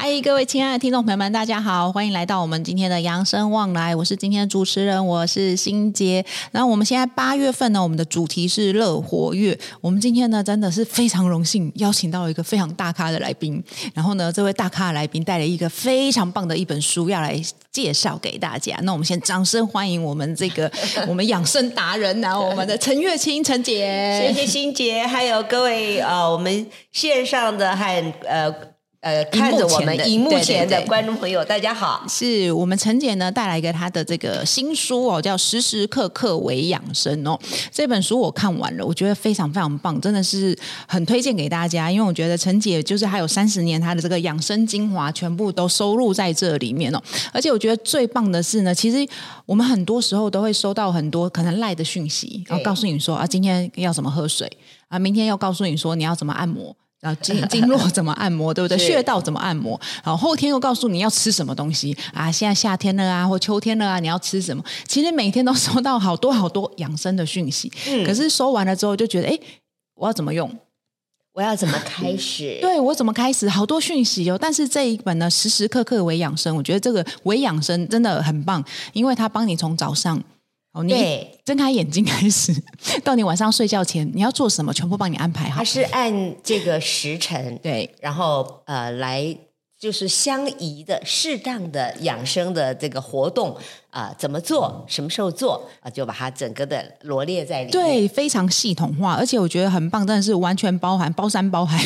嗨，各位親愛的聽眾朋友們，大家好，歡迎來到我們今天的養生旺來。我是今天的主持人，我是欣潔。然後我們現在八月份呢，我們的主題是樂活月。我們今天呢，真的是非常榮幸邀請到一個非常大咖的來賓。然後呢，這位大咖來賓帶了一個非常棒的一本書要來介紹給大家。那我們先掌聲歡迎我們這個 我們養生達人啊， 然後我們的陳月卿陳姐，謝謝欣潔，還有各位呃，我們線上的還呃。呃，看着我們熒幕前的觀眾朋友，大家好，是我們陳姐呢帶來一個她的這個新書哦，叫《時時刻刻微養生》哦，這本書我看完了，我覺得非常非常棒，真的是很推薦給大家，因為我覺得陳姐就是還有三十年她的這個養生精華全部都收錄在這裡面哦，而且我覺得最棒的是呢，其實我們很多時候都會收到很多可能賴的訊息，然後對告訴你說啊，今天要怎麼喝水啊，明天要告訴你說你要怎麼按摩。然後經經絡怎麼按摩，對不對？是穴道怎麼按摩？然後後天又告訴你要吃什麼東西啊？現在夏天了啊，或秋天了啊，你要吃什麼？其實每天都收到好多好多養生的訊息，嗯、可是收完了之後就覺得，哎，我要怎麼用？我要怎麼開始？ 對，我怎麼開始？好多訊息哦！」但是這一本呢，時時刻刻微養生，我覺得這個微養生真的很棒，因為它幫你從早上。哦，oh, 對你睜開眼睛開始，到你晚上睡覺前，你要做什麼，全部幫你安排好。它是按這個時辰對，然後呃，來就是相宜的、適當的養生的這個活動啊、呃，怎麼做，什麼時候做啊，就把它整個的羅列在裡面。對，非常系統化，而且我覺得很棒，真的是完全包含包山包海。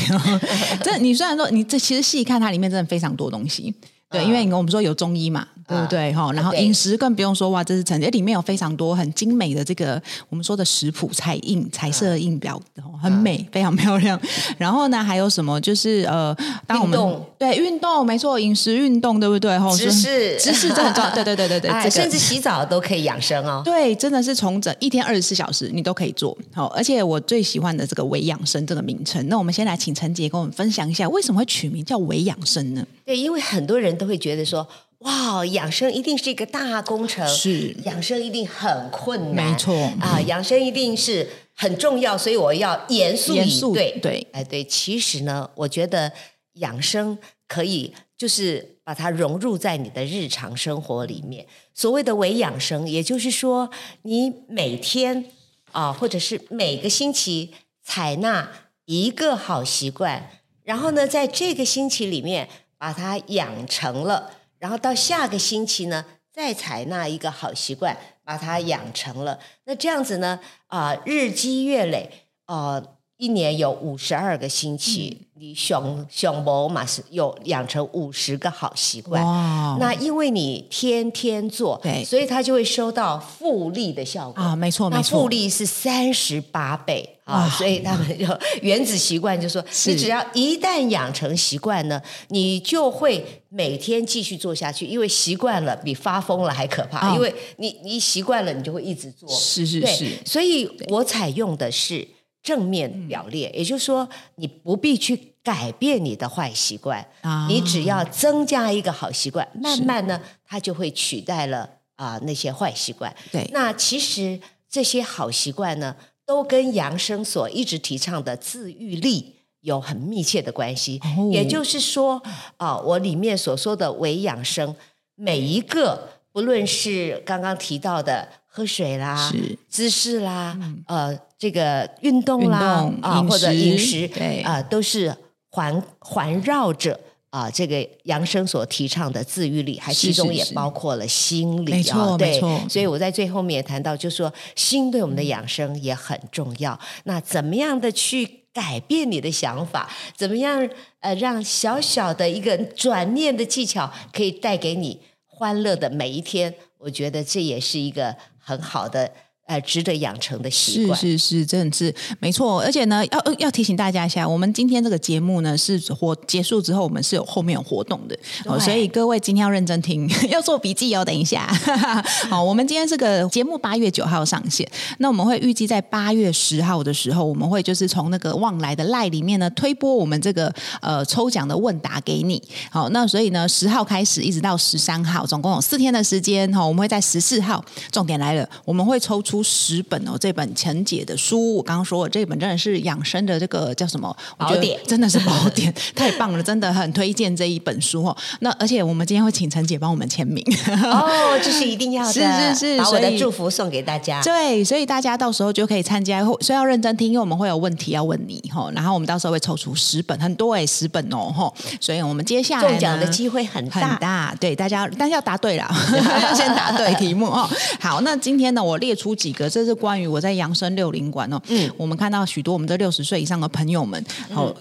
這 你雖然說你這其實細一看它裡面真的非常多東西。對，因為我們說有中醫嘛。嗯對不對哈？然後飲食更不用說哇，這是陳姐裡面有非常多很精美的這個我們說的食譜彩印、彩色印表，很美，非常漂亮。然後呢，還有什麼就是呃，運動對運動沒錯，飲食運動對不對？知識，知識很重要，對對對對對，哎這個、甚至洗澡都可以養生哦。對，真的是從整一天二十四小時你都可以做好。而且我最喜歡的這個“微養生”這個名稱，那我們先來請陳姐跟我們分享一下，為什麼會取名叫“微養生”呢？對，因為很多人都會覺得說。哇，wow, 養生一定是一個大工程，是養生一定很困難，沒錯啊，嗯、養生一定是很重要，所以我要嚴肅嚴肅，對對，對哎對，其實呢，我覺得養生可以就是把它融入在你的日常生活裡面。所謂的微養生，也就是說你每天啊，或者是每個星期採納一個好習慣，然後呢，在這個星期裡面把它養成了。然後到下個星期呢，再採納一個好習慣，把它養成了。那這樣子呢，啊，日積月累，啊。一年有五十二個星期，你想想，無嘛，是有養成五十個好習慣。哇哦、那因為你天天做，對，所以他就會收到複利的效果。啊，沒錯，沒錯。複利是三十八倍啊，所以他們就原子習慣就說：你只要一旦養成習慣呢，是你就會每天繼續做下去，因為習慣了比發瘋了還可怕。啊、因為你你習慣了，你就會一直做。是是是。所以，我採用的是。正面表列，嗯、也就是說，你不必去改變你的壞習慣，啊、你只要增加一個好習慣，是慢慢呢，它就會取代了啊、呃、那些壞習慣。對，那其實這些好習慣呢，都跟養生所一直提倡的自癒力有很密切的關係。嗯、也就是說，啊、呃，我裡面所說的微養生，每一個、嗯、不論是剛剛提到的喝水啦、是姿勢啦，嗯、呃。這個運動啦，運動啊，食或者飲食啊對、呃，都是環環繞着啊、呃，這個養生所提倡的自癒力，還其中也包括了心理啊，是是是，對，所以我在最後面也談到，就說心對我們的養生也很重要。嗯、那怎麼樣的去改變你的想法？怎麼樣呃，讓小小的一個轉念的技巧可以帶給你歡樂的每一天？我覺得這也是一個很好的。呃，值得養成的習慣是是是，真的是沒錯。而且呢，要、呃、要提醒大家一下，我們今天這個節目呢，是活結束之後，我們是有後面有活動的對哦。所以各位今天要認真聽，呵呵要做筆記哦。等一下，哈哈。好，我們今天這個節目八月九號上線，那我們會預計在八月十號的時候，我們會就是從那個旺來的賴裡面呢推播我們這個呃抽獎的問答給你。好，那所以呢，十號開始一直到十三號，總共有四天的時間哈、哦。我們會在十四號，重點來了，我們會抽出。出十本哦，這本陳姐的書，我剛剛說我這本真的是養生的這個叫什麼寶典，真的是寶典， 太棒了，真的很推薦這一本書哦。那而且我們今天會請陳姐幫我們簽名哦，這、就是一定要的，是是是，把我的祝福送給大家。對，所以大家到時候就可以參加，所以要認真聽，因為我們會有問題要問你哈。然後我們到時候會抽出十本，很多哎，十本哦，哦，所以我們接下來中獎的機會很大，很大，對，大家，但是要答對了， 先答對題目哦。好，那今天呢，我列出。幾個，這是關於我在養生六零館哦。嗯，我們看到許多我們的六十歲以上的朋友們，好、嗯哦、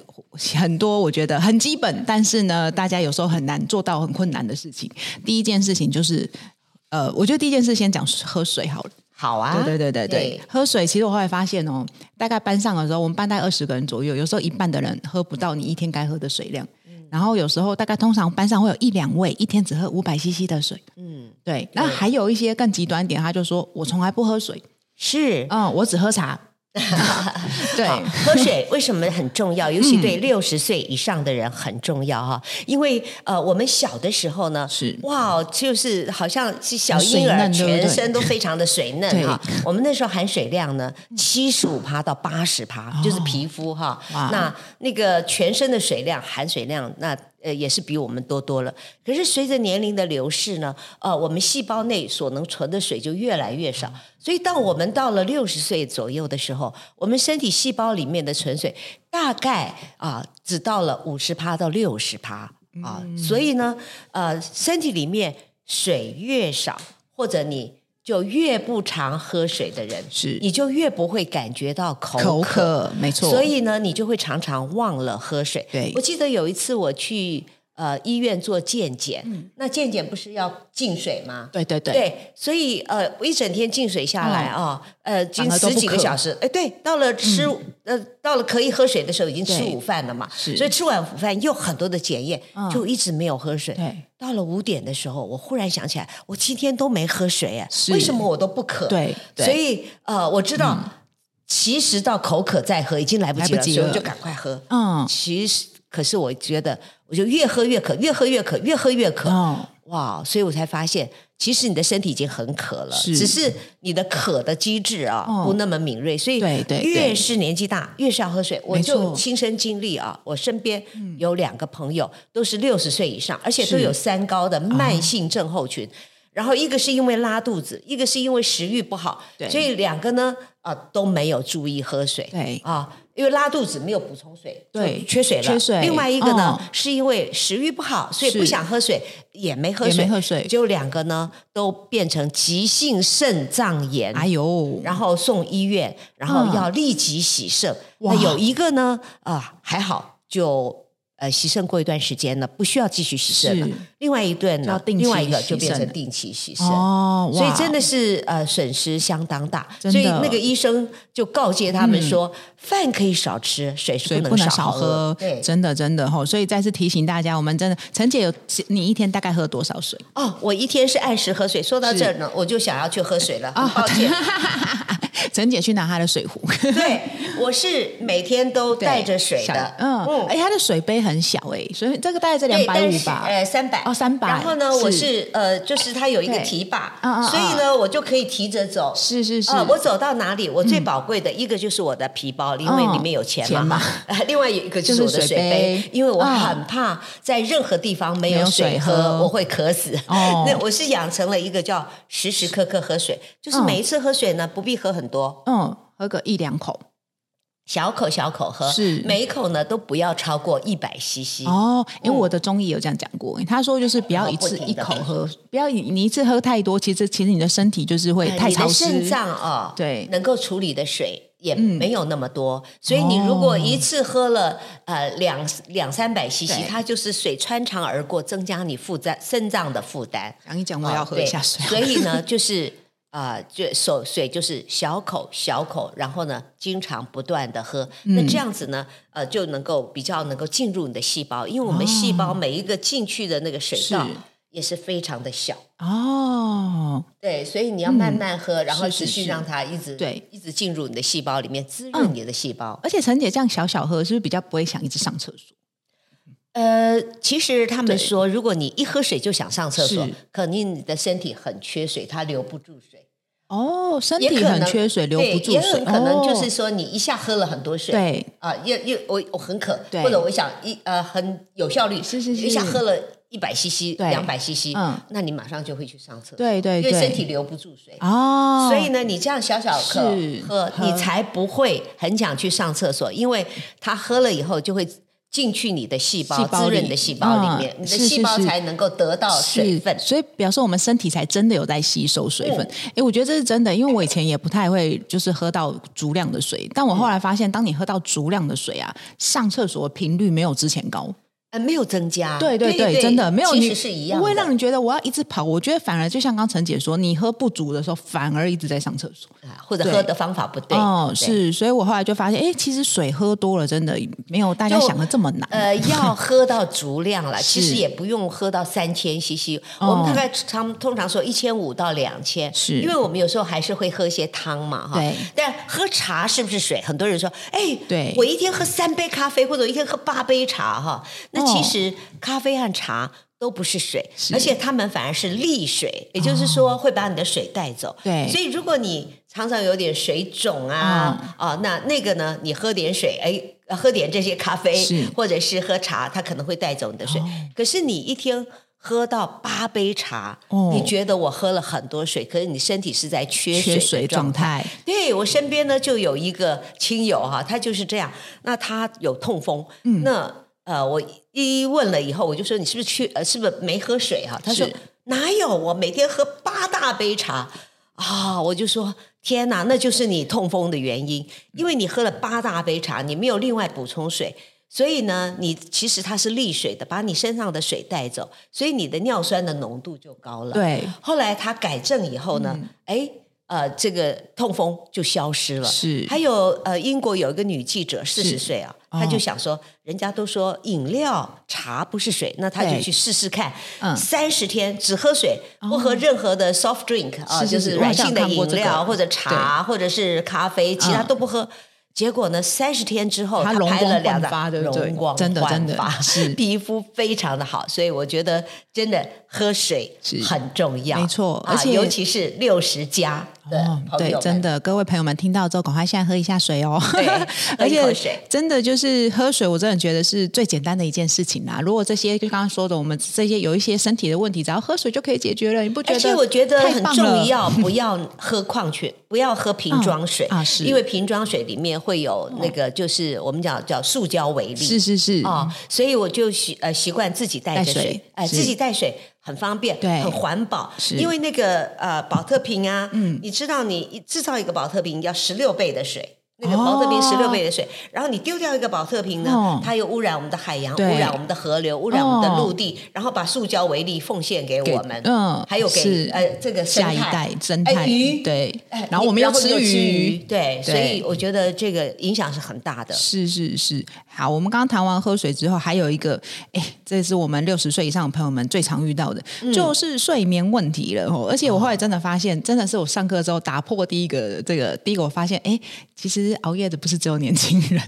很多，我覺得很基本，但是呢，大家有時候很難做到，很困難的事情。第一件事情就是，呃，我覺得第一件事先講喝水好了。好啊，對對對對對，對，喝水其實我後來發現哦，大概班上的時候，我們班大概二十個人左右，有時候一半的人喝不到你一天該喝的水量。然後有時候大概通常班上會有一兩位一天只喝五百 CC 的水。嗯，對，對那還有一些更極端點，他就說我從來不喝水，是，嗯，我只喝茶。 對，喝水為什麼很重要？尤其對六十歲以上的人很重要哈，嗯、因為呃，我們小的時候呢，是哇，就是好像是小嬰兒全身都非常的水嫩哈，我們那時候含水量呢，七十五趴到八十趴，哦、就是皮膚哈。哇那那個全身的水量，含水量那，呃，也是比我們多多了。可是隨着年齡的流逝呢，呃，我們細胞內所能存的水就越來越少。所以當我們到了六十歲左右的時候，我們身體細胞裡面的存水大概啊、呃，只到了五十趴到六十趴啊。呃嗯、所以呢，呃，身體裡面水越少，或者你。就越不常喝水的人，是你就越不會感覺到口渴，口渴，沒錯。所以呢，你就會常常忘了喝水。對我記得有一次我去。呃，醫院做健檢，那健檢不是要禁水嗎？對對對，所以呃，一整天禁水下來啊，呃，經十幾個小時，哎，對，到了吃呃，到了可以喝水的時候，已經吃午飯了嘛，所以吃完午飯又很多的檢驗，就一直沒有喝水。對，到了五點的時候，我忽然想起來，我今天都沒喝水，哎，為什麼我都不渴？對，所以呃，我知道，其實到口渴再喝已經來不及了，所以就趕快喝。嗯，其實。可是我覺得，我就越喝越渴，越喝越渴，越喝越渴，哇！所以我才發現，其實你的身體已經很渴了，只是你的渴的機制啊，不那麼敏銳。所以，對對，越是年紀大，越是要喝水。我就親身經歷啊，我身邊有兩個朋友都是六十歲以上，而且都有三高的慢性症候群，然後一個是因為拉肚子，一個是因為食慾不好，所以兩個呢啊都沒有注意喝水，對啊。因為拉肚子沒有補充水，對，缺水了。缺水。另外一個呢，哦、是因為食欲不好，所以不想喝水，是也沒喝水，喝水。就兩個呢，都變成急性腎臟炎，哎呦，然後送醫院，然後要立即洗腎。嗯、那有一個呢，哇啊，還好就。呃，洗腎過一段時間了，不需要繼續洗腎了。是另外一段呢，然後另外一個就變成定期洗腎，哦、所以真的是呃，損失相當大。的所以那個醫生就告誡他們說，嗯、飯可以少吃，水是不能少喝。少喝對。真的，真的哈，哦。所以再次提醒大家，我們真的陳姐有你一天大概喝多少水？哦，我一天是按時喝水。說到這兒呢，我就想要去喝水了。啊，是，抱歉。哦 陳姐去拿她的水壺。對，我是每天都帶着水的。嗯嗯，哎，她的水杯很小哎，所以這個大概在兩百五吧？哎，三百哦，三百。然後呢，我是呃，就是它有一個提把，所以呢，我就可以提着走。是是是，我走到哪裡，我最寶貴的一個就是我的皮包，因為裡面有錢嘛。另外一個就是我的水杯，因為我很怕在任何地方沒有水喝，我會渴死。哦，那我是養成了一個叫時時刻刻喝水，就是每一次喝水呢，不必喝很。多嗯，喝個一兩口，小口小口喝，每一口呢都不要超過一百 CC 哦。因為我的中醫有這樣講過，他說就是不要一次一口喝，不要你一次喝太多，其實其實你的身體就是會太潮濕，腎臟哦，對，能夠處理的水也沒有那麼多，所以你如果一次喝了呃兩兩三百 CC，它就是水穿腸而過，增加你負債，腎臟的負擔。講一講，我要喝一下水，所以呢就是。啊，就手，水就是小口小口，然後呢，經常不斷的喝，那這樣子呢，呃，就能夠比較能夠進入你的細胞，因為我們細胞每一個進去的那個水道也是非常的小。哦。對，所以你要慢慢喝，然後持續讓它一直，對，一直進入你的細胞裡面滋潤你的細胞。而且陳姐這樣小小喝，是不是比較不會想一直上廁所？呃，其實他們說，如果你一喝水就想上廁所，肯定你的身體很缺水，它留不住水。哦，身體很缺水，留不住水。可能就是說，你一下喝了很多水，對啊，又又我我很渴，或者我想一呃很有效率，一下喝了一百 CC，兩百 CC，嗯，那你馬上就會去上廁所，對對，因為身體留不住水哦。所以呢，你這樣小小口喝，你才不會很想去上廁所，因為他喝了以後就會。進去你的細胞，細胞滋潤的細胞裡面，啊、你的細胞才能夠得到水分。是是是是，所以表示我們身體才真的有在吸收水分。哦、誒，我覺得這是真的，因為我以前也不太會，就是喝到足量的水，但我後來發現，嗯、當你喝到足量的水啊，上廁所頻率沒有之前高。沒有增加，對對對，真的沒有，其實是一樣的，不會讓你覺得我要一直跑。我覺得反而就像剛陳姐說，你喝不足的時候，反而一直在上廁所，或者喝的方法不對。哦，是，所以我後來就發現，哎，其實水喝多了，真的沒有大家想的這麼難。呃，要喝到足量了，其實也不用喝到三千 CC，我們大概常通常說一千五到兩千，是因為我們有時候還是會喝一些湯嘛，哈。對。但喝茶是不是水？很多人說，哎，對我一天喝三杯咖啡，或者一天喝八杯茶，哈。那其實咖啡和茶都不是水，是而且它們反而是利水，也就是說會把你的水帶走。對，所以如果你常常有點水腫啊啊、嗯哦，那那個呢，你喝點水，哎、喝點這些咖啡，是或者是喝茶，它可能會帶走你的水。哦、可是你一天喝到八杯茶，哦、你覺得我喝了很多水，可是你身體是在缺水缺水狀態。對，我身邊呢，就有一個親友哈、啊，他就是這樣，那他有痛風，嗯、那。呃，我一,一問了以後，我就說你是不是去呃是不是沒喝水啊？他說是哪有，我每天喝八大杯茶啊、哦！我就說天哪，那就是你痛風的原因，因為你喝了八大杯茶，你沒有另外補充水，所以呢，你其實它是利水的，把你身上的水帶走，所以你的尿酸的濃度就高了。對，後來他改正以後呢，哎、嗯，呃，這個痛風就消失了。是，還有呃，英國有一個女記者，四十歲啊。哦、他就想說，人家都說飲料茶不是水，那他就去試試看。三十、嗯、天只喝水，哦、不喝任何的 soft drink 是是是啊，就是軟性的飲料或者茶或者是咖啡，其他都不喝。嗯、結果呢，三十天之後，他拍了兩張容光煥發，光發對,對光，真的真的，是皮膚非常的好。所以我覺得真的。喝水很重要，沒錯，而且、啊、尤其是六十加對，真的，各位朋友們聽到之後，趕快現在喝一下水哦。對，喝水而且真的就是喝水，我真的覺得是最簡單的一件事情啦。如果這些就剛剛說的，我們這些有一些身體的問題，只要喝水就可以解決了，你不覺得？而且我覺得很重要，不要喝礦泉，不要喝瓶裝水、嗯、啊，是因為瓶裝水裡面會有那個就是我們講、哦、叫塑膠微粒。是是是哦。所以我就習呃習慣自己帶水，哎，呃、是自己帶水。很方便，很環保，因為那個呃，寶特瓶啊，你知道，你製造一個寶特瓶要十六倍的水，那個寶特瓶十六倍的水，然後你丟掉一個寶特瓶呢，它又污染我們的海洋，污染我們的河流，污染我們的陸地，然後把塑膠微粒奉獻給我們，嗯，還有給呃這個下一代生態對，然後我們要吃魚，對，所以我覺得這個影響是很大的，是是是。好，我們剛剛談完喝水之後，還有一個，哎。這是我們六十歲以上的朋友們最常遇到的，嗯、就是睡眠問題了。而且我後來真的發現，真的是我上課之後打破第一個這個第一個，我發現，哎，其實熬夜的不是只有年輕人，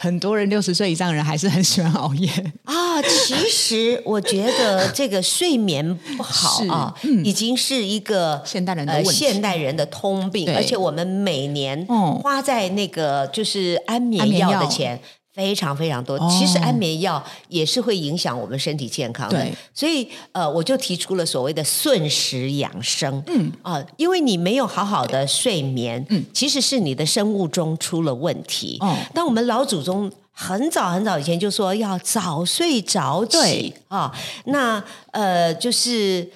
很多人六十歲以上的人還是很喜歡熬夜啊。其實我覺得這個睡眠不好、嗯、啊，已經是一個現代人的問題、呃、現代人的通病，對而且我們每年花在那個就是安眠藥的錢非常非常多，其實安眠藥也是會影響我們身體健康的，哦、所以呃，我就提出了所謂的順時養生，嗯啊、呃，因為你沒有好好的睡眠，嗯，其實是你的生物鐘出了問題。嗯、哦，但我們老祖宗很早很早以前就說要早睡早起，對啊、呃，那呃就是。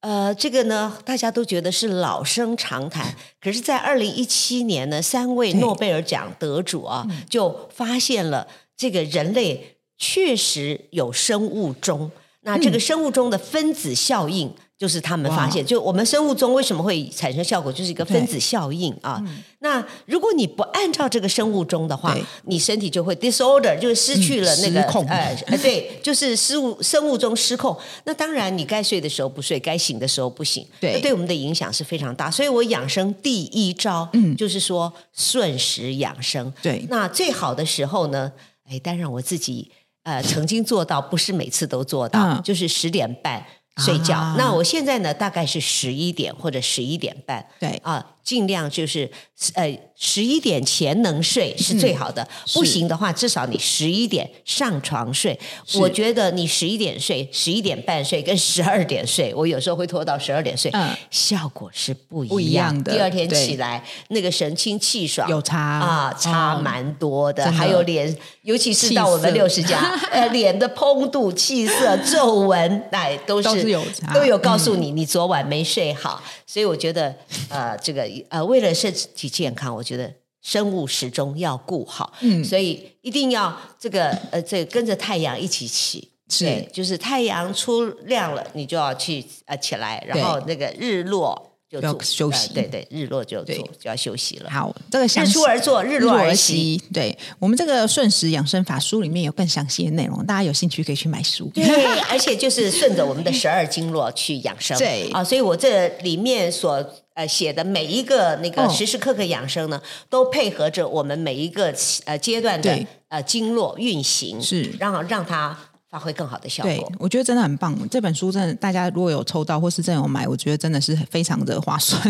呃，這個呢，大家都覺得是老生常談。可是，在二零一七年呢，三位諾貝爾獎得主啊，嗯、就發現了這個人類確實有生物鐘。那這個生物鐘的分子效應。嗯就是他們發現，哇就我們生物鐘為什麼會產生效果，就是一個分子效應啊。嗯、那如果你不按照這個生物鐘的話，對你身體就會 disorder，就是失去了那個失控呃對，就是失生物生物鐘失控。那當然，你該睡的時候不睡，該醒的時候不醒，對，對我們的影響是非常大。所以我養生第一招，嗯，就是說順時養生。嗯、對，那最好的時候呢？哎，當然我自己呃曾經做到，不是每次都做到，嗯、就是十點半。睡覺。啊、那我現在呢，大概是十一點或者十一點半。對啊。盡量就是呃十一點前能睡是最好的，不行的話至少你十一點上床睡。我覺得你十一點睡、十一點半睡跟十二點睡，我有時候會拖到十二點睡，效果是不一樣的。第二天起來那個神清氣爽，有差啊，差蠻多的。還有臉，尤其是到我們六十加，呃，臉的蓬度、氣色、皺紋，那都是都有告訴你，你昨晚沒睡好。所以我覺得呃這個。呃，為了身體健康，我覺得生物時鐘要顧好，嗯，所以一定要這個呃，這個、跟着太陽一起起，是對，就是太陽出亮了，你就要去呃起來，然後那個日落就休息、呃，對對，日落就做，對就要休息了。好，這個日出而作，日落而息。而息對我們這個順時養生法書裡面有更詳細的內容，大家有興趣可以去買書。 對，而且就是順着我們的十二經絡去養生， 對啊、呃，所以我這裡面所。呃，寫的每一個那個時時刻刻養生呢，oh. 都配合着我們每一個呃階段的對呃經絡運行，是讓讓它。發揮更好的效果，對，我覺得真的很棒。這本書真的，大家如果有抽到或是真的有買，我覺得真的是非常的划算，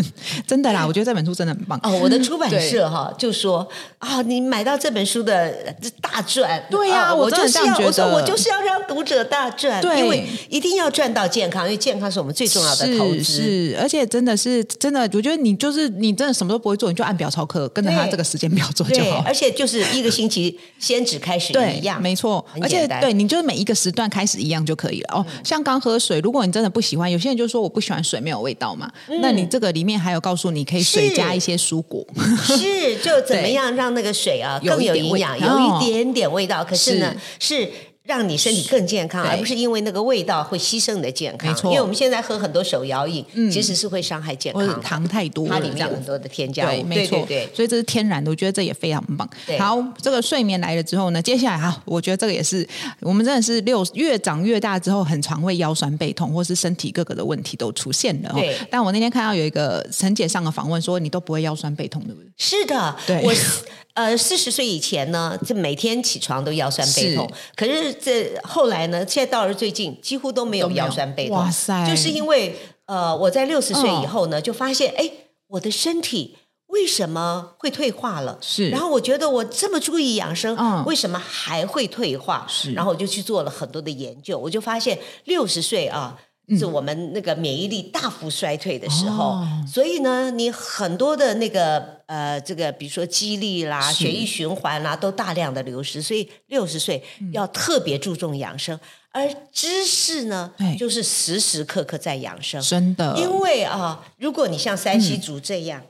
真的啦。嗯、我覺得這本書真的很棒哦。我的出版社哈對就說啊、哦，你買到這本書的大賺，對呀、啊、哦、我，我就是要，我說我就是要讓讀者大賺，對因為一定要賺到健康，因為健康是我們最重要的投資。是，而且真的是真的，我覺得你就是你真的什麼都不會做，你就按表操課，對跟着他這個時間表做就好。而且就是一個星期先只開始一樣，對沒錯，而且對你就是每一時段開始一樣就可以了哦。像剛喝水，如果你真的不喜歡，有些人就說我不喜歡水沒有味道嘛。嗯，那你這個裡面還有告訴你可以水加一些蔬果，是就怎麼樣讓那個水啊更有營養，有一點味，然後有一點點味道。可是呢，是。是讓你身體更健康，而不是因為那個味道會犧牲你的健康。沒錯，因為我們現在喝很多手搖飲，嗯、其實是會傷害健康，糖太多，它裡面有很多的添加物。對，沒錯，對。對對，所以這是天然的，我覺得這也非常棒。對好，這個睡眠來了之後呢，接下來哈，我覺得這個也是我們真的是六越長越大之後，很常會腰酸背痛，或是身體各個的問題都出現了哦。對。但我那天看到有一個陳姐上的訪問說，你都不會腰酸背痛的，是的，對我。呃，四十歲以前呢，就每天起床都腰酸背痛。是。可是這後來呢，現在到了最近，幾乎都沒有腰酸背痛。哇塞！就是因為呃，我在六十歲以後呢，嗯、就發現，哎，我的身體為什麼會退化了？是。然後我覺得我這麼注意養生，嗯、為什麼還會退化？是。然後我就去做了很多的研究，我就發現六十歲啊。是我們那個免疫力大幅衰退的時候，所以呢，你很多的那個呃，這個比如說肌力啦、血液循環啦，都大量的流失。所以六十歲要特別注重養生，而知識呢，就是時時刻刻在養生。真的，因為啊，如果你像山西族這樣，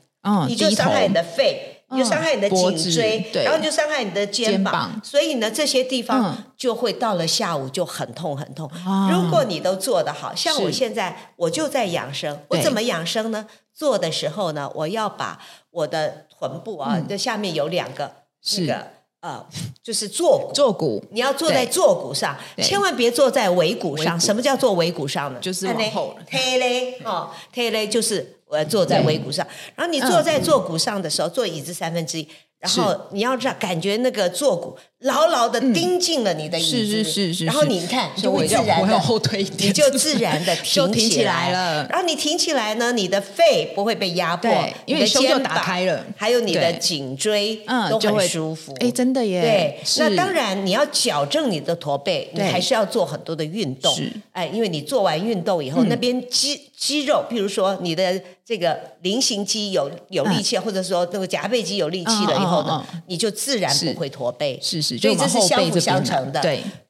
你就傷害你的肺。就傷害你的頸椎，嗯、然後就傷害你的肩膀，肩膀。所以呢，這些地方就會到了下午就很痛很痛。嗯、如果你都做得好，啊、像我現在，我就在養生，是我怎麼養生呢？對做的時候呢，我要把我的臀部啊，這、嗯、下面有兩個是。那個，呃，就是坐骨坐骨，你要坐在坐骨上，對千萬別坐在尾骨上。對尾骨什麼叫做尾骨上呢？就是往後嘞，啊。哦，後嘞，就是我坐在尾骨上。對然後你坐在坐骨上的時候，對坐椅子三分之一，然後你要讓是感覺那個坐骨。牢牢的盯緊了你的椅子，是是是是。然後你看，就自然，我會往後推一點，你就自然的挺起來了。然後你挺起來呢，你的肺不會被壓迫，因為胸就打開了，還有你的頸椎都會舒服。哎，真的耶。對，那當然你要矯正你的駝背，你還是要做很多的運動。哎，因為你做完運動以後，那邊肌肌肉，比如說你的這個菱形肌有有力氣，或者說那個夾背肌有力氣了以後呢，你就自然不會駝背。是是。所以這是相輔相成的，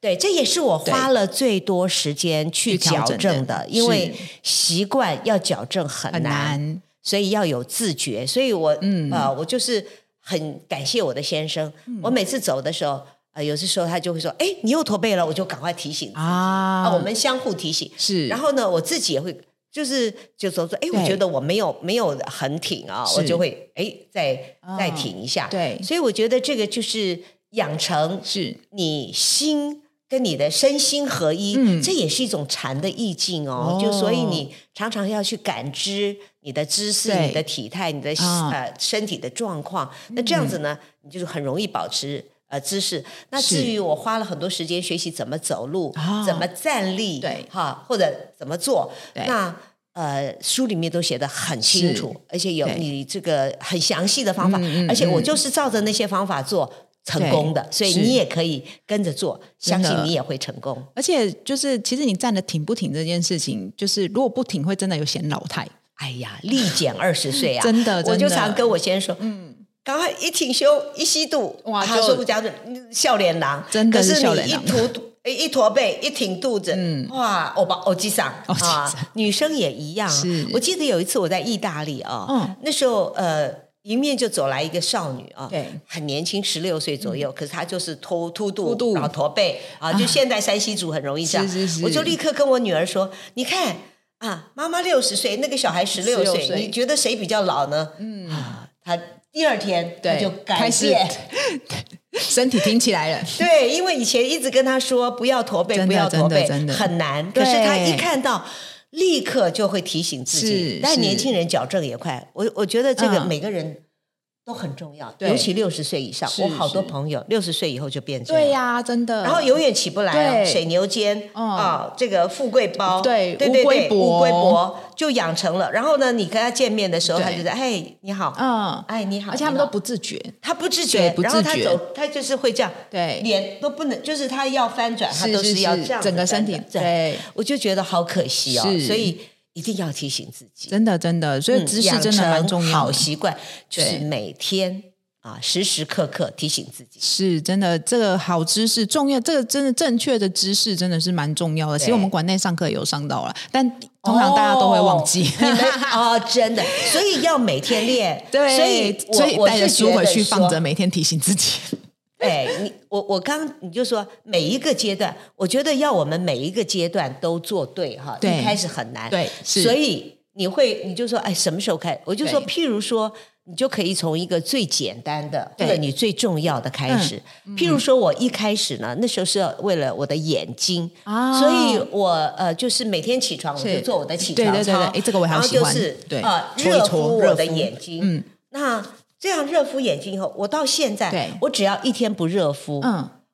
對，這也是我花了最多時間去矯正的，因為習慣要矯正很難，所以要有自覺。所以，我呃我就是很感謝我的先生。我每次走的時候，呃，有些時候他就會說：“哎，你又駝背了。”我就趕快提醒啊，我們相互提醒。是，然後呢，我自己也會就是就說說：“哎，我覺得我沒有沒有很挺啊，我就會哎再再挺一下。”對，所以我覺得這個就是。養成是你心跟你的身心合一，這也是一種禪的意境哦。就所以你常常要去感知你的姿勢、你的體態、你的呃身體的狀況。那這樣子呢，你就是很容易保持呃姿勢。那至於我花了很多時間學習怎麼走路、怎麼站立，對哈，或者怎麼做，那呃書裡面都寫得很清楚，而且有你這個很詳細的方法，而且我就是照着那些方法做。成功的，所以你也可以跟着做，相信你也會成功。而且就是，其實你站得挺不挺這件事情，就是如果不挺，會真的有顯老態。哎呀，立減二十歲啊！真的，我就常跟我先生說，嗯，趕快一挺胸，一吸肚，哇，就是標準少年郎，真的是少年郎，一駝一駝背，一挺肚子，哇，歐巴歐吉桑。女生也一樣。我記得有一次我在意大利啊，那時候呃。迎面就走來一個少女啊，很年輕，十六歲左右。可是她就是凸凸肚、老駝背啊，就現在山西族很容易這樣。我就立刻跟我女兒說：“你看啊，媽媽六十歲，那個小孩十六歲，你覺得誰比較老呢？”嗯啊，她第二天就改變，身體挺起來了。對，因為以前一直跟她說不要駝背，不要駝背，很難。可是她一看到。立刻就會提醒自己，但年輕人矯正也快，我我覺得這個每個人。嗯都很重要，尤其六十歲以上，我好多朋友六十歲以後就變成對呀，真的，然後永遠起不來，水牛肩，這個富貴包，對對對。烏龜脖，烏龜脖就養成了。然後呢，你跟他見面的時候，他就在，哎，你好，嗯，哎，你好，而且他們都不自覺，他不自覺，然後他走，他就是會這樣，對，臉都不能，就是他要翻轉，他都是要這樣，整個身體，對，我就覺得好可惜哦，所以。一定要提醒自己，真的真的，所以知識真的蠻重要的。嗯、養成好習慣，就是每天對啊，時時刻刻提醒自己。是，真的，這個好知識重要，這個真的正確的知識真的是蠻重要的。對其實我們館內上課也有上到了，但通常大家都會忘記哦。哦，真的，所以要每天練。 對，所以所以帶着書回去放着，每天提醒自己。哎，你我我剛你就說每一個階段，我覺得要我們每一個階段都做對哈，一開始很難，對，所以你會你就說哎，什麼時候開？我就說，譬如說，你就可以從一個最簡單的或者你最重要的開始。譬如說，我一開始呢，那時候是為了我的眼睛，所以我呃，就是每天起床我就做我的起床操，哎，這個我好喜歡，就是對，熱敷我的眼睛，嗯，那。這樣熱敷眼睛以後，我到現在我只要一天不熱敷，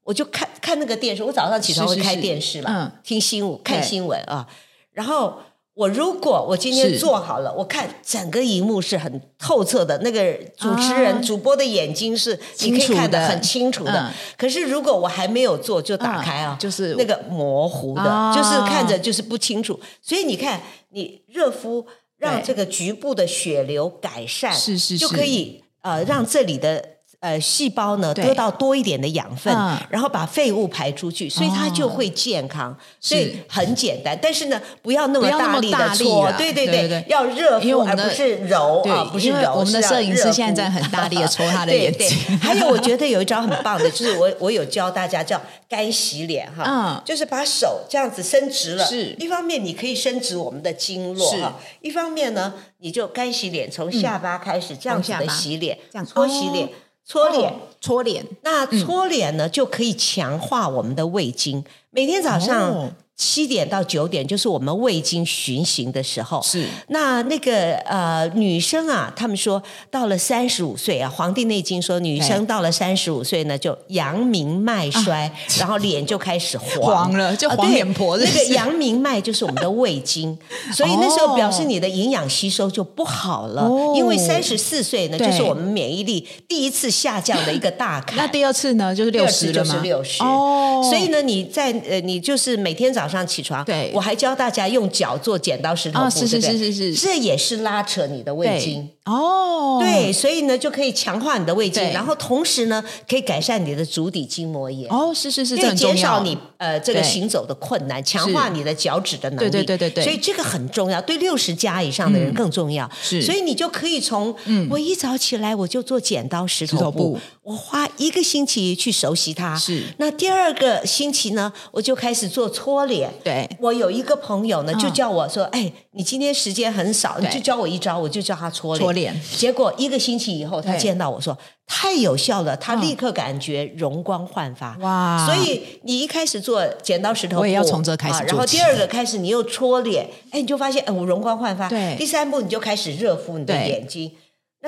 我就看看那個電視。我早上起床會開電視嘛，聽新聞看新聞啊。然後我如果我今天做好了，我看整個熒幕是很透徹的，那個主持人主播的眼睛是你可以看得很清楚的。可是如果我還沒有做，就打開啊，就是那個模糊的，就是看着就是不清楚。所以你看，你熱敷讓這個局部的血流改善，就可以。呃，讓這裡的。呃，細胞呢得到多一點的養分，然後把廢物排出去，所以它就會健康。所以很簡單，但是呢，不要那麼大力的搓，對對對，要熱敷而不是揉啊，不是揉。我們的攝影師現在很大力的搓他的眼睛。還有，我覺得有一招很棒的，就是我我有教大家叫乾洗臉哈，就是把手這樣子伸直了，一方面你可以伸直我們的經絡，一方面呢，你就乾洗臉，從下巴開始這樣子的洗臉，這樣搓洗臉。搓臉，oh. 搓臉，那搓臉呢，嗯、就可以強化我們的胃經。每天早上。Oh. 七點到九點就是我們胃經循行的時候。是那那個呃女生啊，他們說到了三十五歲啊，《黃帝內經》說女生到了三十五歲呢，就陽明脈衰，對然後臉就開始黃了，就黃臉婆。的那個陽明脈就是我們的胃經， 所以那時候表示你的營養吸收就不好了。哦、因為三十四歲呢，對就是我們免疫力第一次下降的一個大坎。 那第二次呢，就是六十了嗎？六十、哦、所以呢，你在呃，你就是每天早上。早上起床，對我還教大家用腳做剪刀石頭布，對，是是是，對，這也是拉扯你的胃經哦，對，所以呢就可以強化你的胃經，然後同時呢可以改善你的足底筋膜炎哦，是是是，這也減少你呃這個行走的困難，強化你的腳趾的能力，對對對對對，所以這個很重要，對六十加以上的人更重要，是，所以你就可以從我一早起來我就做剪刀石頭布。我花一個星期去熟悉它，是。那第二個星期呢，我就開始做搓臉。對，我有一個朋友呢，就叫我說：“哎，你今天時間很少，你就教我一招，我就教他搓搓臉。”結果一個星期以後，他見到我說：“太有效了！”他立刻感覺容光煥發。哇！所以你一開始做剪刀石頭布，我也要從這開始。然後第二個開始，你又搓臉，哎，你就發現哎，我容光煥發。對，第三步你就開始熱敷你的眼睛。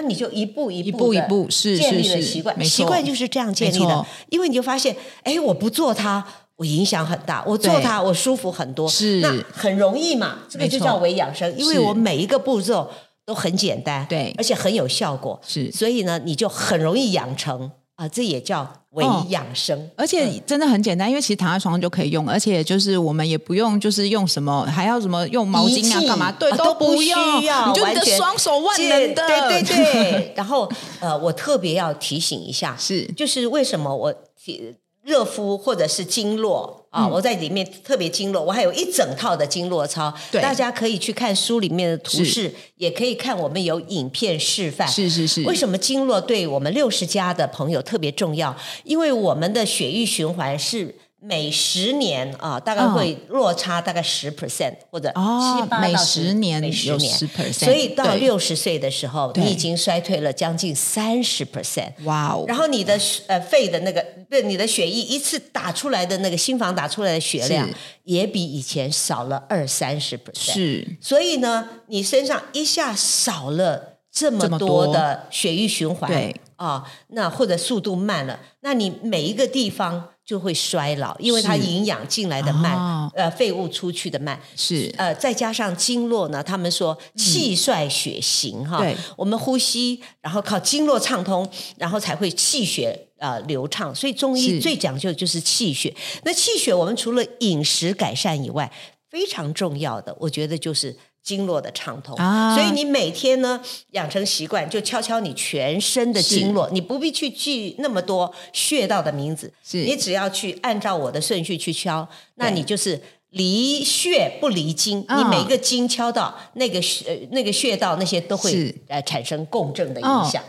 那你就一步一步一步一步是建立了習慣，一步一步沒習慣就是這樣建立的。錯因為你就發現，哎，我不做它，我影響很大；對我做它，我舒服很多。是，那很容易嘛？這個就叫微養生，錯因為我每一個步驟都很簡單，對是，而且很有效果。是，所以呢，你就很容易養成啊。這也叫。為養生，哦，而且真的很簡單，嗯、因為其實躺在床上就可以用，而且就是我們也不用，就是用什麼還要什麼用毛巾啊幹嘛？器對，都不需要，全你就你的雙手萬能的，對對對。對對對 然後呃，我特別要提醒一下，是就是為什麼我提。呃熱敷或者是經絡啊，哦嗯、我在裡面特別經絡，我還有一整套的經絡操，對大家可以去看書裡面的圖示，是也可以看我們有影片示範。是是是，為什麼經絡對我們六十加的朋友特別重要？因為我們的血液循環是。每十年啊，大概會落差大概十 percent，哦、或者七八到十年、哦，每十年每十年十 percent，所以到六十歲的時候，對你已經衰退了將近三十 percent，哇哦！對然後你的呃肺的那個，對，你的血液一次打出來的那個心房打出來的血量，是也比以前少了二三十 percent，是。所以呢，你身上一下少了這麼多的血液循環，對啊，那或者速度慢了，那你每一個地方。就會衰老，因為它營養進來的慢，啊、呃，廢物出去的慢，是呃，再加上經絡呢，他們說氣帥血行，嗯、哈，對我們呼吸，然後靠經絡暢通，然後才會氣血呃流暢，所以中醫最講究就是氣血。是那氣血我們除了飲食改善以外，非常重要的，我覺得就是。經絡的暢通，啊、所以你每天呢養成習慣，就敲敲你全身的經絡，是你不必去記那麼多穴道的名字，是你只要去按照我的順序去敲，對那你就是離穴不離經，哦、你每一個經敲到那個穴、呃、那個穴道，那些都會產生共振的影響。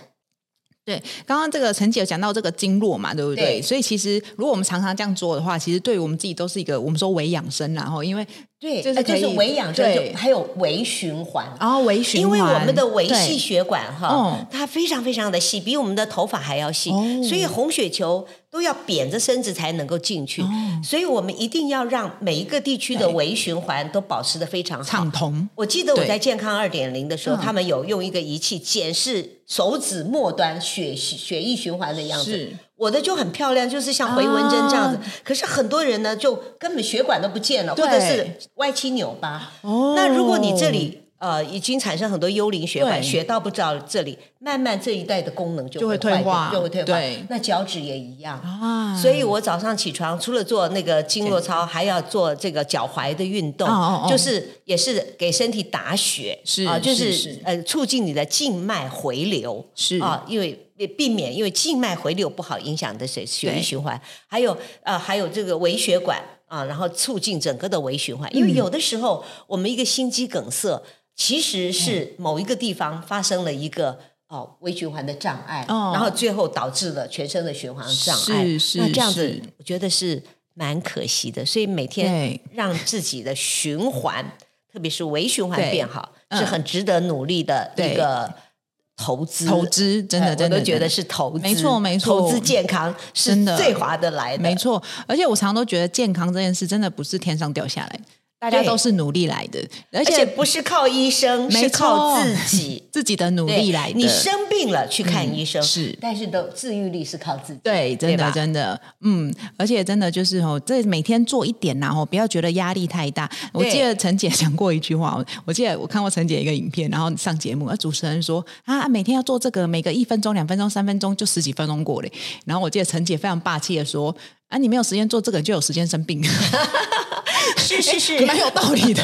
對，剛剛這個陳姐有講到這個經絡嘛，對不對？對，所以其實如果我們常常這樣做的話，其實對於我們自己都是一個我們說微養生，然後因為對，就是微養生，對，還有微循環啊、哦，微循環，因為我們的微細血管哈，它非常非常的細，比我們的頭髮還要細，哦、所以紅血球。都要扁着身子才能夠進去，所以我們一定要讓每一個地區的微循環都保持得非常好暢通。我記得我在健康二點零的時候，他們有用一個儀器檢視手指末端血血液循環的樣子，我的就很漂亮，就是像回紋針這樣子。可是很多人呢，就根本血管都不見了，或者是歪七扭八。那如果你這裡。呃，已經產生很多幽靈血管，血到不到這裡，慢慢這一帶的功能就會退化，就會退化。那腳趾也一樣，所以我早上起床除了做那個經絡操，還要做這個腳踝的運動，就是也是給身體打血，啊，就是呃促進你的靜脈回流，是啊，因為避免因為靜脈回流不好影響的血血液循環，還有呃還有這個微血管啊，然後促進整個的微循環，因為有的時候我們一個心肌梗塞。其實是某一個地方發生了一個哦微循環的障礙，哦、然後最後導致了全身的循環的障礙。是是是，是那這樣子我覺得是蠻可惜的。所以每天讓自己的循環，對特別是微循環變好，嗯、是很值得努力的一個投資。投資真的，真的，我都覺得是投資，沒錯沒錯。投資健康是最划得來的，的，沒錯。而且我常常都覺得健康這件事真的不是天上掉下來的。對大家都是努力來的，而且,而且不是靠醫生，沒 是靠自己呵呵自己的努力對來的。你生病了去看醫生、嗯、是，但是都治癒力是靠自己。對，真的吧真的，嗯，而且真的就是哦、喔，這每天做一點然後、喔、不要覺得壓力太大。對我記得陳姐講過一句話，我記得我看過陳姐一個影片，然後上節目，而主持人說啊,啊，每天要做這個，每個一分鐘、兩分鐘、三分鐘，就十幾分鐘過嘞。然後我記得陳姐非常霸氣的說。啊，你沒有時間做這個，就有時間生病。是是是，蠻有道理的。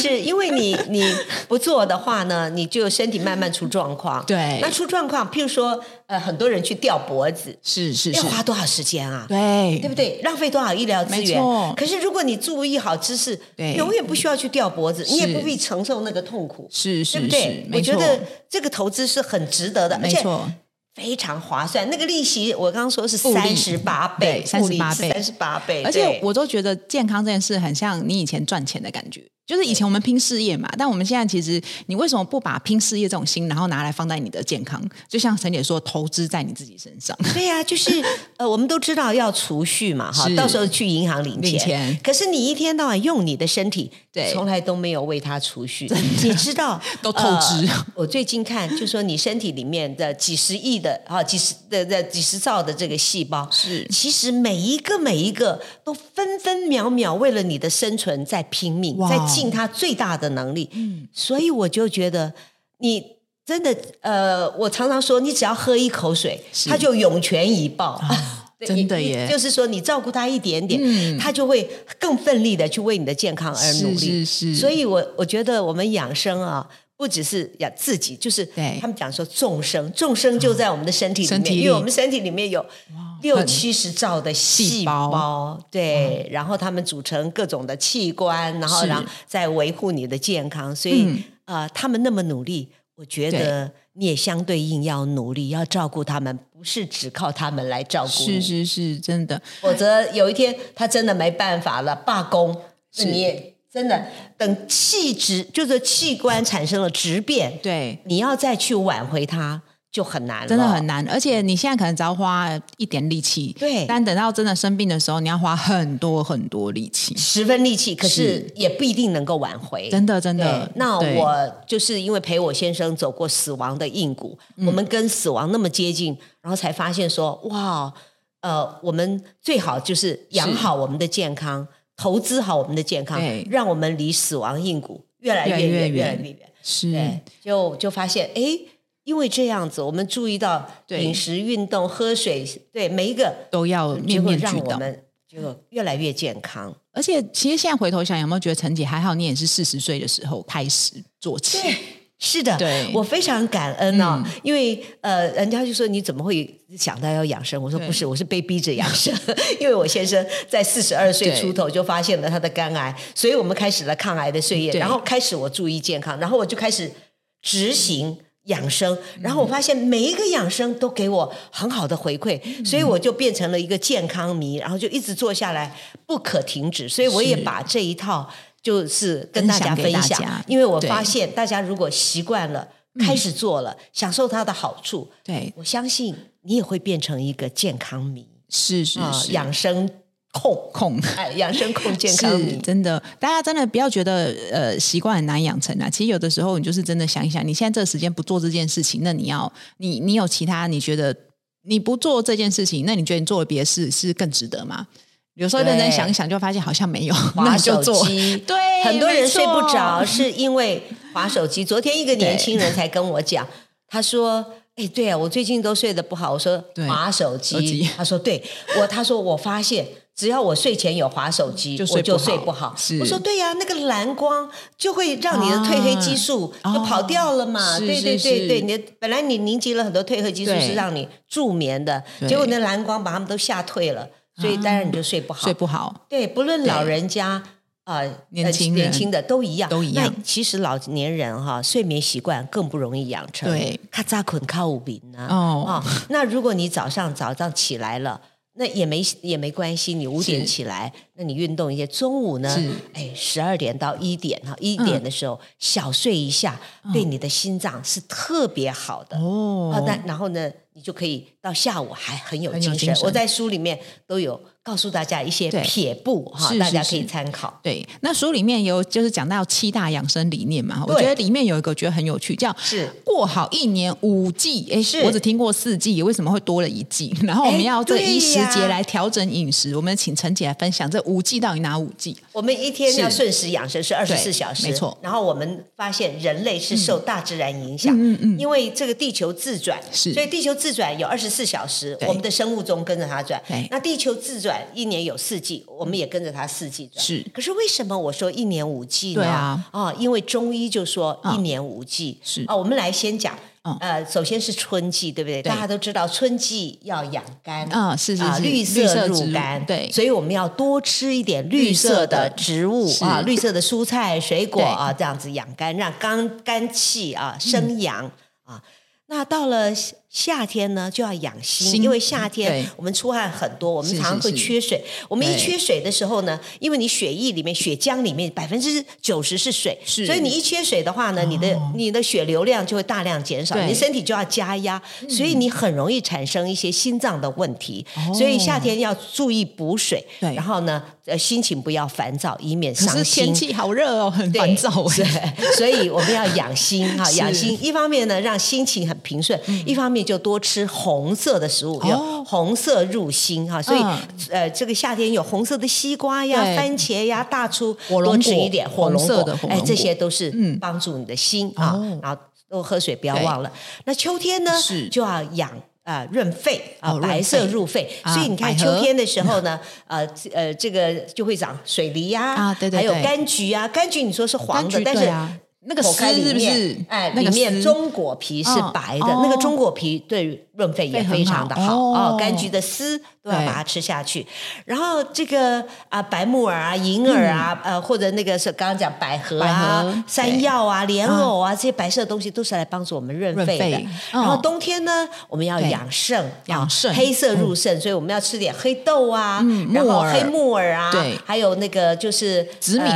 是因為你你不做的話呢，你就身體慢慢出狀況。對，那出狀況，譬如說，呃，很多人去吊脖子，是是，要花多少時間啊？對，對不對？浪費多少醫療資源？沒錯。可是如果你注意好姿勢，永遠不需要去吊脖子，你也不必承受那個痛苦。是是是，對，我覺得這個投資是很值得的，沒錯。非常划算，那個利息我剛剛說是三十八倍，三十八倍，三十八倍，而且我都覺得健康這件事很像你以前賺錢的感覺。就是以前我們拼事業嘛，但我們現在其實，你為什麼不把拼事業這種心，然後拿來放在你的健康？就像陳姐說，投資在你自己身上。對呀，就是呃，我們都知道要儲蓄嘛，哈，到時候去銀行領錢。可是你一天到晚用你的身體，對，從來都沒有為它儲蓄。你知道都透支。我最近看，就說你身體裡面的幾十億的哈，幾十的的幾十兆的這個細胞，是，其實每一個每一個都分分秒秒為了你的生存在拼命，在。盡他最大的能力，嗯，所以我就覺得，你真的，呃，我常常說，你只要喝一口水，是他就湧泉以報，啊、對真的耶，就是說，你照顧他一點點，嗯、他就會更奮力的去為你的健康而努力。是，是，是所以我，我我覺得我們養生啊。不只是要自己，就是他們講說眾生，眾生就在我們的身體裡面，哦、因為我們身體裡面有六七十兆的細胞，細胞對，哇然後他們組成各種的器官，然後然後在維護你的健康，是所以、嗯、呃，他們那麼努力，我覺得你也相對應要努力，對要照顧他們，不是只靠他們來照顧你，是是是真的，否則有一天他真的沒辦法了，罷工，是那你也。真的，等器質就是器官產生了質變，對，你要再去挽回它就很難了，真的很難。而且你現在可能只要花一點力氣，對，但等到真的生病的時候，你要花很多很多力氣，十分力氣，可是也不一定能夠挽回。是對真的，真的。對那我就是因為陪我先生走過死亡的幽谷，嗯、我們跟死亡那麼接近，然後才發現說，哇，呃，我們最好就是養好我們的健康。投資好我們的健康，對讓我們離死亡硬骨越來越遠，越越是。就就發現，哎、欸，因為這樣子，我們注意到飲食、運動對、喝水，對每一個都要面面俱到，就會讓我們就越來越健康。嗯、而且，其實現在回頭想，有沒有覺得陳姐還好？你也是四十歲的時候開始做起。是的，對我非常感恩啊、哦，嗯、因為呃，人家就說你怎麼會想到要養生？我說不是，對我是被逼着養生，因為我先生在四十二歲出頭就發現了他的肝癌，對所以我們開始了抗癌的歲月，對然後開始我注意健康，然後我就開始執行養生，對然後我發現每一個養生都給我很好的回饋，嗯、所以我就變成了一個健康迷，然後就一直做下來，不可停止，所以我也把這一套。就是跟大家分享，因為我發現大家如果習慣了，對開始做了，嗯、享受它的好處。對，我相信你也會變成一個健康迷，是是是，呃、養生控控，哎，養生控健康迷，真的，大家真的不要覺得呃習慣很難養成啊。其實有的時候你就是真的想一想，你現在這個時間不做這件事情，那你要你你有其他你覺得你不做這件事情，那你覺得你做了別的事是更值得嗎？有時候認真想想，就發現好像沒有。滑手機，對，很多人睡不着，是因為滑手機。昨天一個年輕人才跟我講，他說：“哎，對啊，我最近都睡得不好。”我說：“滑手機。”他說：“對，我他說我發現，只要我睡前有滑手機，我就睡不好。”我說：“對呀，那個藍光就會讓你的褪黑激素就跑掉了嘛。對對對對，你本來你凝集了很多褪黑激素是讓你助眠的，結果那藍光把他們都嚇退了。”所以當然你就睡不好，睡不好。對，不論老人家啊，年輕年輕的都一樣，都一樣。其實老年人哈，睡眠習慣更不容易養成。對，咔嚓睏，靠五點呢。哦，那如果你早上早上起來了，那也沒也沒關係，你五點起來，那你運動一些。中午呢，哎，十二點到一點，哈，一點的時候小睡一下，對你的心臟是特別好的。哦，那然後呢？就可以到下午還很有精神。精神我在書裡面都有告訴大家一些撇步哈，對大家可以參考是是是。對，那書裡面有就是講到七大養生理念嘛，對我覺得裡面有一個覺得很有趣，叫是過好一年五季。哎，是我只聽過四季，為什麼會多了一季？是然後我們要這一時節來調整飲食。啊，我們請陳姐來分享這五季到底哪五季？我們一天要順時養生是二十四小時，沒錯。然後我們發現人類是受大自然影響，嗯嗯嗯嗯、因為這個地球自轉，是所以地球自轉有二十四小時，對我們的生物鐘跟着它轉。對那地球自轉一年有四季，我們也跟着它四季轉。是。可是為什麼我說一年五季呢？啊、哦，因為中醫就說一年五季。啊、哦哦，我們來先講。哦、呃，首先是春季，對不對？對、大家都知道春季要養肝、哦、是是是啊，是，是綠色入肝色，對，所以我們要多吃一點綠色的植物的啊，綠色的蔬菜、水果對啊，這樣子養肝，讓肝肝氣啊生陽、嗯、啊。那到了。夏天呢就要養心，因為夏天我們出汗很多，我們常常會缺水。我們一缺水的時候呢，因為你血液裡面、血漿裡面百分之九十是水，所以你一缺水的話呢，你的你的血流量就會大量減少，你身體就要加壓，所以你很容易產生一些心臟的問題。所以夏天要注意補水，然後呢，呃，心情不要煩躁，以免傷心。天氣好熱哦，很煩躁。對，所以我們要養心哈，養心一方面呢，讓心情很平順，一方面。就多吃紅色的食物，叫紅色入心哈，所以呃，這個夏天有紅色的西瓜呀、番茄呀、大蔥，多吃一點紅色的，哎，這些都是幫助你的心啊。然後多喝水，不要忘了。那秋天呢，就要養啊潤肺啊，白色入肺，所以你看秋天的時候呢，呃呃，這個就會長水梨呀，還有柑橘啊，柑橘你說是黃的，但是。那個殼裡面是是哎，個裡面中果皮是白的。哦、那個中果皮對於潤肺也非常的好哦，柑橘的絲都要把它吃下去，然後這個啊，白木耳啊、銀耳啊，呃，或者那個是剛剛講百合啊、山藥啊、蓮藕啊，這些白色的東西都是來幫助我們潤肺的。然後冬天呢，我們要養腎，養腎黑色入腎，所以我們要吃點黑豆啊，木耳黑木耳啊，還有那個就是紫米，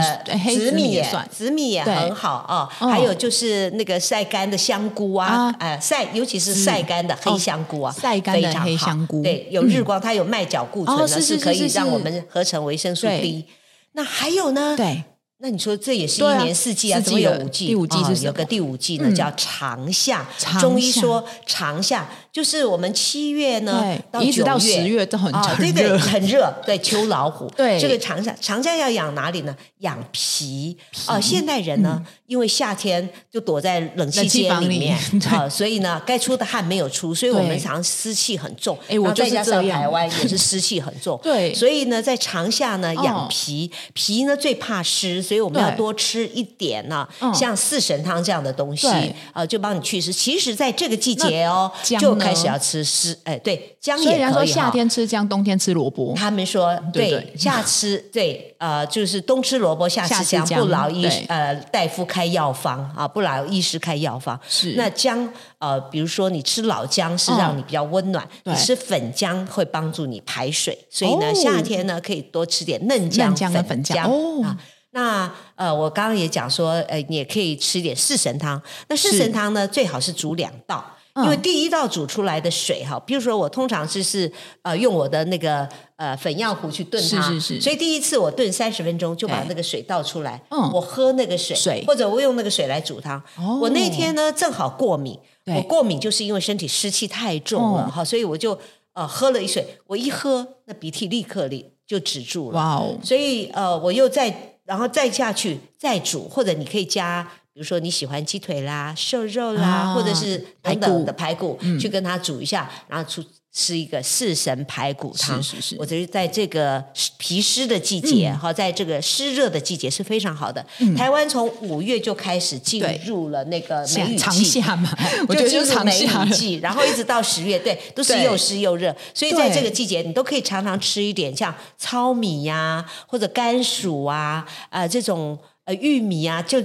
紫米紫米也很好哦，還有就是那個曬乾的香菇啊，哎，曬尤其是曬乾的黑香。香菇啊，曬乾的黑香菇，對，有日光，它有麥角固醇呢，是可以讓我們合成維生素 D。那還有呢？對，那你說這也是一年四季啊，怎麼有五季？第五季有個第五季呢，叫長夏。中醫說長夏就是我們七月呢到九到十月都很長，對對，很熱，對秋老虎。對，這個長夏，長夏要養哪裡呢？養脾哦。現代人呢？因為夏天就躲在冷氣間裡面啊，所以呢，該出的汗沒有出，所以我們常濕氣很重。哎，我再加上台灣也是濕氣很重，對，所以呢，在長夏呢養脾，脾呢最怕濕，所以我們要多吃一點呢，像四神湯這樣的東西，啊，就幫你祛濕。其實，在這個季節哦，就開始要吃濕，哎，對，薑也可以。雖然說夏天吃薑，冬天吃蘿蔔，他們說對，夏吃對，呃，就是冬吃蘿蔔，夏吃薑，不勞醫呃，大夫開。開藥方啊，不老醫師開藥方。藥方是那薑呃，比如說你吃老薑是讓你比較溫暖，哦、你吃粉薑會幫助你排水。所以呢，哦、夏天呢可以多吃點嫩薑、粉薑、粉薑、哦、啊。那呃，我剛剛也講說，呃，你也可以吃點四神湯。那四神湯呢，是最好是煮兩道。因為第一道煮出來的水哈，比如說我通常是是呃，用我的那個呃粉藥壺去燉它，是是是，所以第一次我燉三十分鐘，就把那個水倒出來，Okay .嗯、我喝那個水，水或者我用那個水來煮湯，oh. 我那天呢正好過敏，對我過敏就是因為身體濕氣太重了哈，oh. 所以我就呃喝了一水，我一喝那鼻涕立刻就止住了。Wow. 所以呃我又再然後再下去再煮，或者你可以加。比如說你喜歡雞腿啦、瘦肉啦，啊、或者是等等的排骨，排骨嗯、去跟它煮一下，然後吃一個四神排骨湯。是是是。我覺得在這個濕脾濕的季節，哈、嗯，在這個濕熱的季節是非常好的。嗯、台灣從五月就開始進入了那個梅雨季，啊、長夏嘛，我覺得就是，就，就是梅雨季，然後一直到十月，對，都是又濕又熱，對所以在這個季節你都可以常常吃一點，像糙米呀、啊，或者甘薯啊，啊、呃，這種呃玉米啊，就。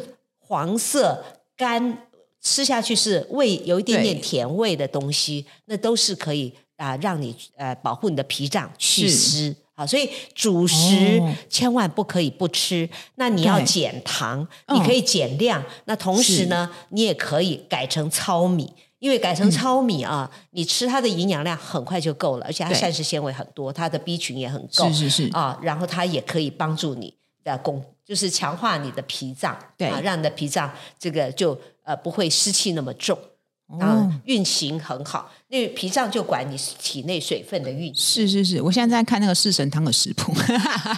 黃色干吃下去是味有一點點甜味的東西，對那都是可以啊、呃，讓你呃保護你的脾臟祛濕，是啊。所以主食、哦、千萬不可以不吃，那你要減糖，對你可以減量。哦、那同時呢，是你也可以改成糙米，因為改成糙米啊，嗯、你吃它的營養量很快就夠了，而且它膳食纖維很多，對它的 B 群也很夠，是是是啊，然後它也可以幫助你的功。就是強化你的脾臟，對、啊，讓你的脾臟這個就呃不會濕氣那麼重，然後、啊、嗯、運行很好。那脾臟就管你體內水分的運。是是是，我現在在看那個四神湯的食譜，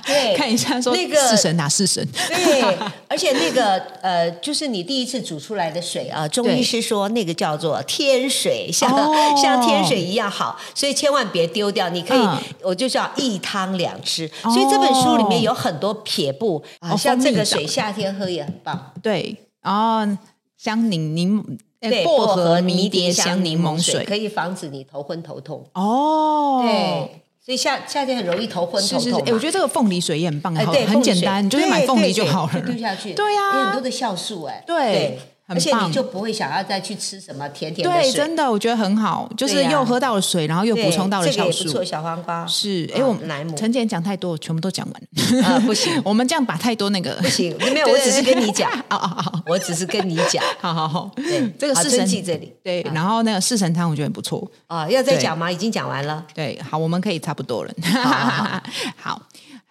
對，看一下說那個四神哪四神？對，而且那個呃，就是你第一次煮出來的水啊，中醫師說那個叫做天水，像像天水一樣好，所以千萬別丟掉。你可以，我就叫一湯兩吃。所以這本書裡面有很多撇步，像這個水夏天喝也很棒。對，然後像您您。對，薄荷、迷迭香、檸檬水可以防止你頭昏頭痛。哦，對，所以夏夏天很容易頭昏頭痛嘛。哎，我覺得這個鳳梨水也很棒，哎，很簡單，你就買鳳梨就好了，丟下去。對呀，很多的酵素哎，對。而且你就不會想要再去吃什麼甜甜的。對，真的，我覺得很好，就是又喝到了水，然後又補充到了酵素。小黃瓜。是，哎，我們來，陳姐講太多，全部都講完了。啊，不行，我們這樣把太多那個不行，沒有，我只是跟你講啊啊啊，我只是跟你講，好好好，這個四神氣這裡對。然後那個四神湯，我覺得很不錯啊，要再講嗎？已經講完了。對，好，我們可以差不多了。好。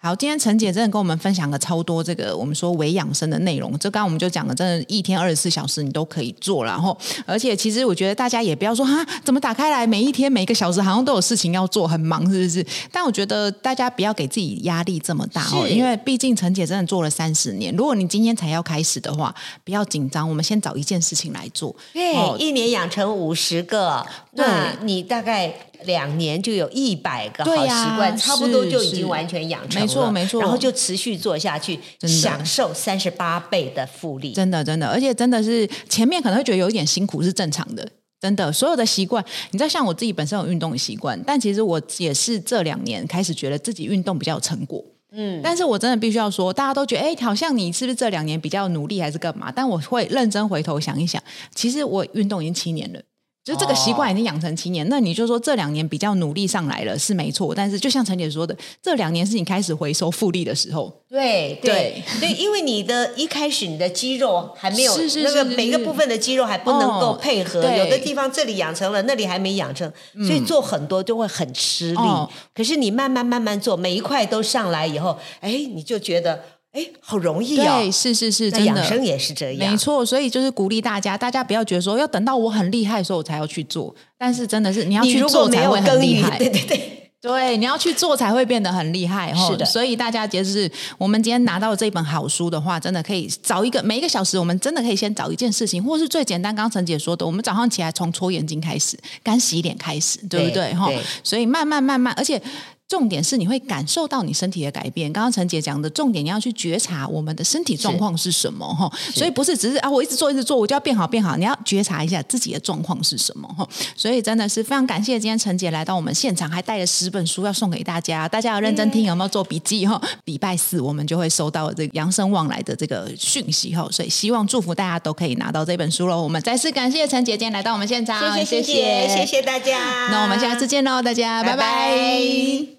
好，今天陳姐真的跟我們分享了超多這個我們說微養生的內容。就剛我們就講了，真的一天二十四小時你都可以做，然後而且其實我覺得大家也不要說哈，怎麼打開來每一天每一個小時好像都有事情要做，很忙是不是？但我覺得大家不要給自己壓力這麼大哦，是因為畢竟陳姐真的做了三十年。如果你今天才要開始的話，不要緊張，我們先找一件事情來做，對，哦、一年養成五十個，對那你大概。兩年就有一百個好習慣，對啊，差不多就已經完全養成了，沒錯沒錯。沒錯，然後就持續做下去，的享受三十八倍的複利。真的真的，而且真的是前面可能會覺得有一點辛苦是正常的。真的，所有的習慣，你知道，像我自己本身有運動的習慣，但其實我也是這兩年開始覺得自己運動比較有成果。嗯，但是我真的必須要說，大家都覺得哎，好像你是不是這兩年比較努力還是幹嘛？但我會認真回頭想一想，其實我運動已經七年了。就這個習慣已經養成七年，哦、那你就說，這兩年比較努力上來了是沒錯，但是就像陳姐說的，這兩年是你開始回收複利的時候。對對 對，因為你的一開始你的肌肉還沒有，是是是是是那個每個部分的肌肉還不能夠配合，哦、對，有的地方這裡養成了，那裡還沒養成，所以做很多就會很吃力。嗯，哦、可是你慢慢慢慢做，每一塊都上來以後，哎，你就覺得。哎，好容易啊、哦！對，是是是，真的養生也是這樣，沒錯。所以就是鼓勵大家，大家不要覺得說要等到我很厲害的時候我才要去做。嗯、但是真的是，你要去做才會更厲害更，對對對，對，你要去做才會變得很厲害。是的。所以大家覺得是，我們今天拿到這本好書的話，真的可以找一個每一個小時，我們真的可以先找一件事情，或者是最簡單，剛陳姐說的，我們早上起來從搓眼睛開始，乾洗臉開始，對不對？對，對。所以慢慢慢慢，而且。重點是你會感受到你身體的改變。剛剛陳姐講的重點，你要去覺察我們的身體狀況是什麼哈是、哦。所以不是只是啊，我一直做一直做，我就要變好變好。你要覺察一下自己的狀況是什麼哈、哦。所以真的是非常感謝今天陳姐來到我們現場，還帶了十本書要送給大家，大家要認真聽，嗯、有沒有做筆記哈？禮、哦、拜四我們就會收到這個養生旺來的這個訊息哈、哦。所以希望祝福大家都可以拿到這本書嘍。我們再次感謝陳姐今天來到我們現場，謝謝謝謝謝謝大家。那我們下次見嘍，大家拜拜。拜拜。